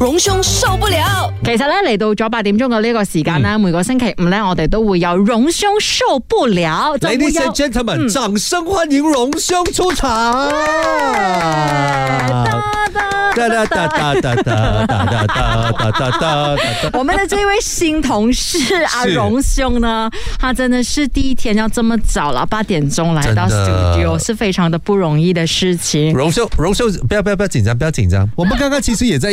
榮兄受不了，其實呢，嚟到咗八點鐘嘅呢個時間呢，每個星期五呢，我哋都會有榮兄受不了。嗯、Ladies and Gentlemen，掌聲歡迎榮兄出場、啊啊啊啊、 我們的這位新同事啊，榮兄呢，他真的是第一天要這麼早啦，八點鐘來到 studio 是非常的不容易的事情。榮兄，榮兄，不要不要不要緊張，不要緊張。我們剛剛其實也在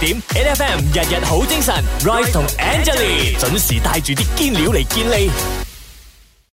點，N F M 日日好精神，Royce 同 Angeline 準時帶住啲堅料嚟健利。